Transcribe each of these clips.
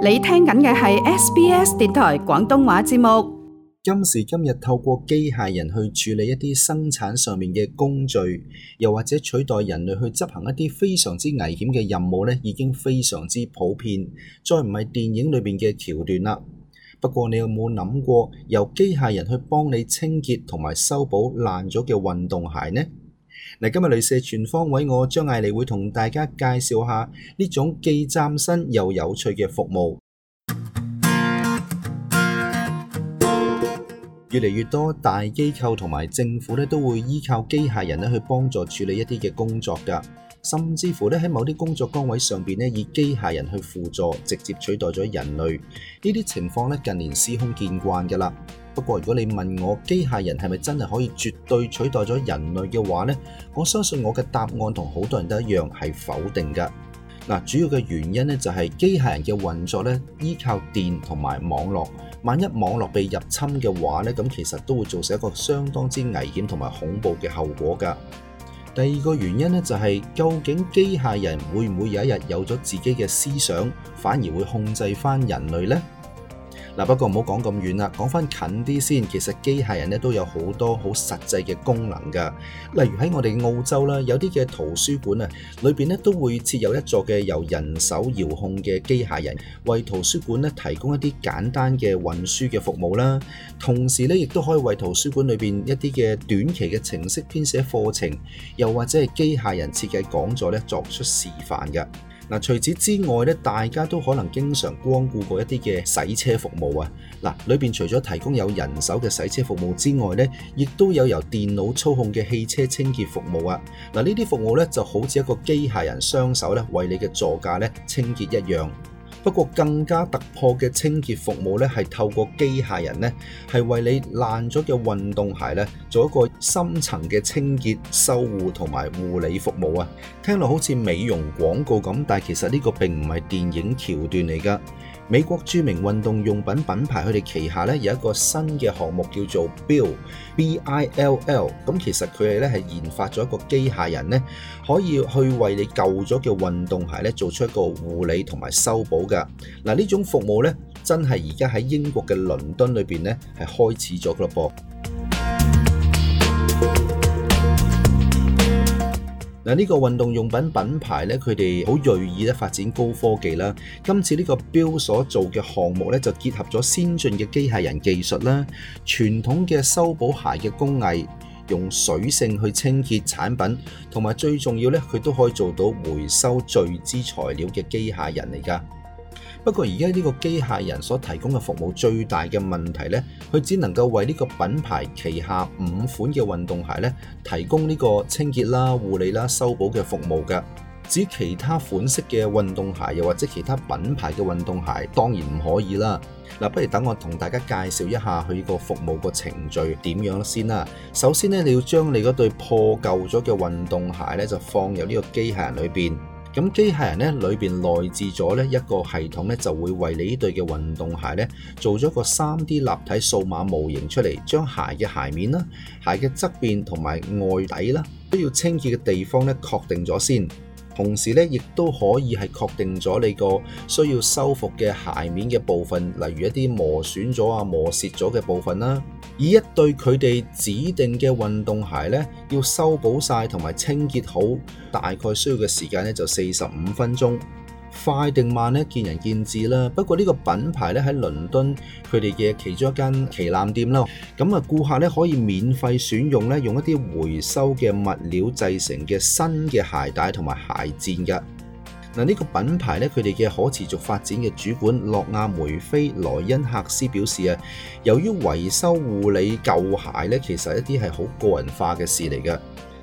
你聽緊嘅係 SBS 電台廣東話節目。今時今日，透過機械人去處理一啲生產上面嘅工序，又或者取代人類去執行一啲非常之危險嘅任務咧，已經非常之普遍，再唔係電影裏邊嘅橋段啦。不過，你有冇諗過由機械人去幫你清潔同埋修補爛咗嘅運動鞋呢？嗱，今日鐳射全方位，我張艾利會同大家介紹下呢種既嶄新又有趣嘅服務。越嚟越多大機構同埋政府咧，都會依靠機械人咧去幫助處理一啲嘅工作㗎。甚至乎咧喺某啲工作崗位上邊咧，以機械人去輔助，直接取代咗人類呢啲情況咧，近年司空見慣噶啦。不過如果你問我機械人係咪真係可以絕對取代咗人類嘅話呢，我相信我嘅答案同好多人都一樣，係否定噶。嗱，主要嘅原因咧就係機械人嘅運作咧依靠電同埋網絡，萬一網絡被入侵嘅話咧，咁其實都會造成一個相當之危險同埋恐怖嘅後果噶。第二個原因呢，就是，就係究竟機械人會唔會有一日有咗自己嘅思想，反而會控制返人類呢？嗱，不過唔好講咁遠啦，講翻近啲先。其實機械人咧都有好多好實際嘅功能㗎。例如喺我哋澳洲啦，有啲嘅圖書館啊，裏邊咧都會設有一座嘅由人手遙控嘅機械人，為圖書館咧提供一啲簡單嘅運輸嘅服務啦。同時咧，亦都可以為圖書館裏邊一啲嘅短期嘅程式編寫課程，又或者係機械人設計講座咧作出示範㗎。嗱，除此之外咧，大家都可能經常光顧過一啲嘅洗車服務啊。嗱，裏邊除咗提供有人手嘅洗車服務之外咧，亦都有由電腦操控嘅汽車清潔服務啊。嗱，呢啲服務咧就好似一個機械人雙手咧為你嘅座駕咧清潔一樣。一個更加突破嘅清潔服務咧，係透過機械人咧，係為你爛咗嘅運動鞋咧做一個深層嘅清潔修護同埋護理服務啊！聽落好似美容廣告咁，但係其實呢個並唔係電影橋段嚟噶。美國著名運動用品品牌佢哋旗下咧有一個新嘅項目叫做 Bill B I L L，咁其實佢哋咧係研發咗一個機械人咧，可以去為你舊咗嘅運動鞋咧做出一個護理同埋修補嘅。嗱，呢種服務咧，真係而家喺英國嘅倫敦裏邊咧，係開始咗嘅噃。嗱，呢個運動用品品牌咧，佢哋好鋭意咧發展高科技啦。今次呢個標所做嘅項目咧，就結合咗先進嘅機械人技術啦，傳統嘅修補鞋嘅工藝，用水性去清潔產品，同埋最重要咧，佢都可以做到回收聚酯材料嘅機械人嚟噶。不過而家呢個機械人所提供嘅服務，最大嘅問題呢，佢只能夠為呢個品牌旗下五款嘅運動鞋呢，提供呢個清潔啦、護理啦、修補嘅服務㗎。至於其他款式嘅運動鞋又或者其他品牌嘅運動鞋，當然唔可以啦。嗱，不如等我同大家介紹一下佢呢個服務個程序點樣先啦。首先呢，你要將你嗰對破舊咗嘅運動鞋呢，就放入呢個機械人裏邊。咁機械人咧，裏面內置咗一個系統咧，就會為你呢對嘅運動鞋咧，做咗個 3D 立體數碼模型出嚟，將鞋嘅鞋面、啊、鞋嘅側邊同埋外底啦、啊，都要清潔嘅地方咧，確定咗先。同時咧，亦都可以係確定咗你個需要修復嘅鞋面嘅部分，例如一啲磨損咗啊、磨蝕咗嘅部分啦。以一對佢哋指定嘅運動鞋咧，要修補晒同埋清潔好，大概需要嘅時間咧就四十五分鐘。快定慢咧，見仁見智啦。不過呢個品牌咧喺倫敦，佢哋嘅其中一間旗艦店咯。咁啊顧客咧可以免費選用咧，用一啲回收嘅物料製成嘅新嘅鞋帶同埋鞋墊嘅。嗱呢個品牌咧，佢哋嘅可持續發展嘅主管諾亞梅菲萊因克斯表示啊，由於維修護理舊鞋咧，其實一啲係好個人化嘅事嚟嘅。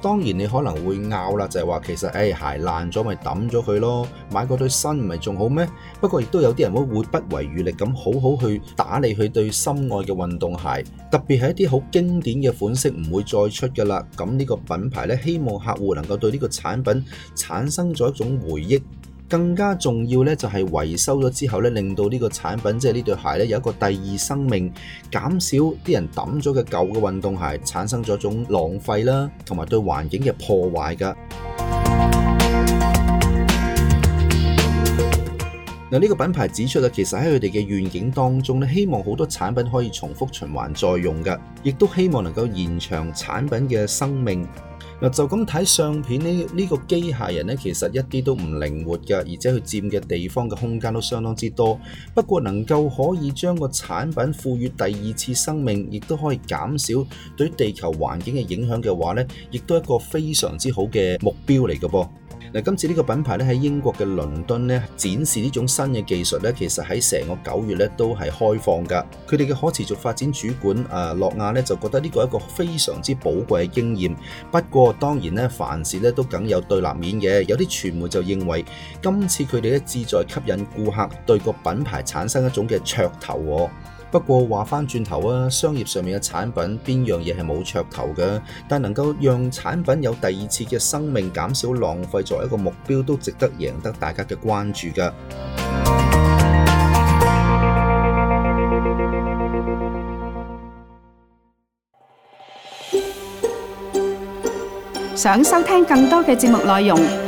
當然你可能會拗啦，就係、是、話其實誒、哎、鞋爛咗咪抌咗佢咯，買過對新咪仲好咩？不過亦都有啲人會不遺餘力咁好好去打理佢對心愛嘅運動鞋，特別係一啲好經典嘅款式唔會再出㗎啦。咁呢個品牌咧，希望客戶能夠對呢個產品產生咗一種回憶。更加重要咧，就係維修咗之後咧，令到呢個產品即係呢對鞋咧有一個第二生命，減少啲人抌咗嘅舊嘅運動鞋產生咗一種浪費啦，同埋對環境嘅破壞噶。嗱，呢 個品牌指出啊，其實喺佢哋嘅願景當中咧，希望好多產品可以重複循環再用㗎，亦都希望能夠延長產品嘅生命。嗱，就咁睇相片呢，呢個機械人呢，其實一啲都唔靈活嘅，而且佢佔嘅地方嘅空間都相當之多。不過能夠可以將個產品賦予第二次生命，亦都可以減少對地球環境嘅影響嘅話呢，亦都係一個非常之好嘅目標嚟嘅噃。嗱，今次呢個品牌咧，喺英國嘅倫敦咧，展示呢種新嘅技術咧，其實喺成個九月咧都係開放㗎。佢哋嘅可持續發展主管誒諾亞咧，就覺得呢個係一個非常之寶貴嘅經驗。不過當然咧，凡事咧都梗有對立面嘅。有啲傳媒就認為今次佢哋咧志在吸引顧客對個品牌產生一種嘅噱頭。不過話返轉頭啊，商業上面嘅產品邊樣嘢係冇噱頭嘅？但能夠讓產品有第二次嘅生命，減少浪費作為一個目標，都值得贏得大家嘅關注噶。想收聽更多嘅節目內容。